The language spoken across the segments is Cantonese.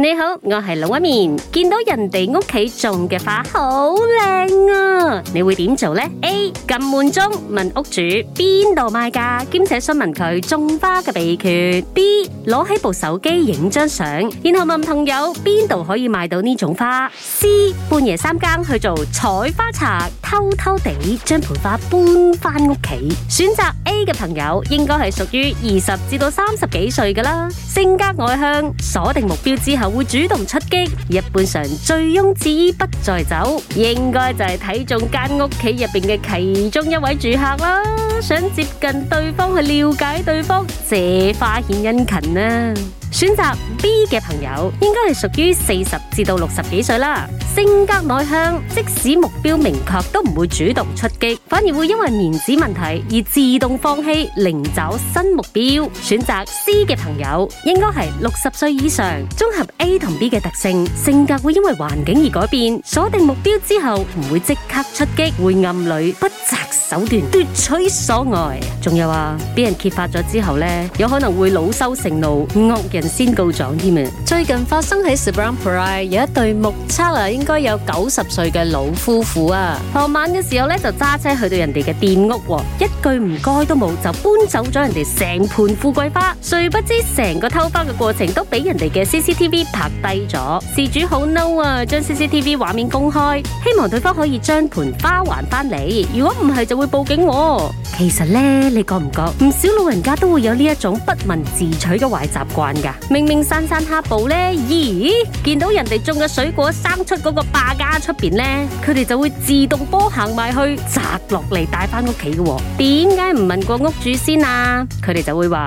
你好，我係老一面。見到人哋屋企種嘅花好靚啊，你會點做咧？A，撳門鐘問屋主邊度賣噶，兼且詢問佢種花嘅秘訣。B，攞起部手機影張相，然後問朋友邊度可以買到呢種花。C，半夜三更去做採花賊，偷偷地將盆花搬翻屋企。選擇 A 嘅朋友應該係屬於二十至到三十幾歲噶啦，性格外向，鎖定目標之後，會主動出擊，一般上醉翁之意不在酒，應該就係睇中間屋企入邊嘅其中一位住客啦，想接近對方去了解對方，借花獻殷勤啊。選擇 B 嘅朋友應該係屬於四十至到六十幾歲啦，性格內向，即使目標明確都唔會主動出擊，反而會因為面子問題而自動放棄，另找新目標。選擇 C 嘅朋友應該係六十歲以上，綜合 A 同 B 嘅特性，性格會因為環境而改變，鎖定目標之後唔會即刻出擊，會暗裏不擇手段奪取所愛，仲有啊！俾人揭發咗之後呢，有可能會老羞成怒，惡人先告狀添啊！最近發生喺 Spring Parade 有一對目測啊應該有九十歲嘅老夫婦啊，傍晚嘅時候呢，就揸車去到人哋嘅店屋，哦，一句唔該都冇就搬走咗人哋成盤富貴花，誰不知成個偷花嘅過程都俾人哋嘅 CCTV 拍低咗，事主好嬲啊，將 CCTV 畫面公開，希望對方可以將盤花還翻嚟。如果唔係就會報警喎、哦。其實咧，你覺唔覺唔少老人家都會有呢一種不問自取嘅壞習慣噶？明明散散下步咧，咦，見到人哋種嘅水果生出嗰個霸家出邊咧，佢哋就會自動波行埋去摘落嚟帶翻屋企嘅。點解唔問過屋主先啊？佢哋就會話。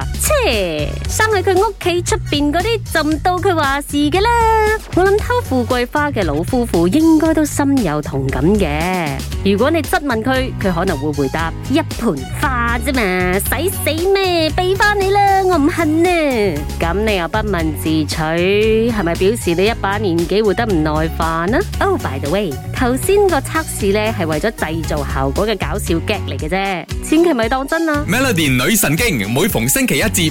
生喺佢屋企出邊嗰啲，就到佢話事嘅啦。我諗偷富貴花嘅老夫婦應該都深有同感嘅。如果你質問佢，佢可能會回答，一盆花啫嘛，使死咩？俾翻你啦，我唔恨啊。咁你又不問自取，係咪表示你一把年紀活得唔耐煩啊？Oh by the way，頭先個測試咧，係為咗製造效果嘅搞笑 gag 嚟嘅啫，千祈咪當真啦。Melody 女神經，每逢星期一至，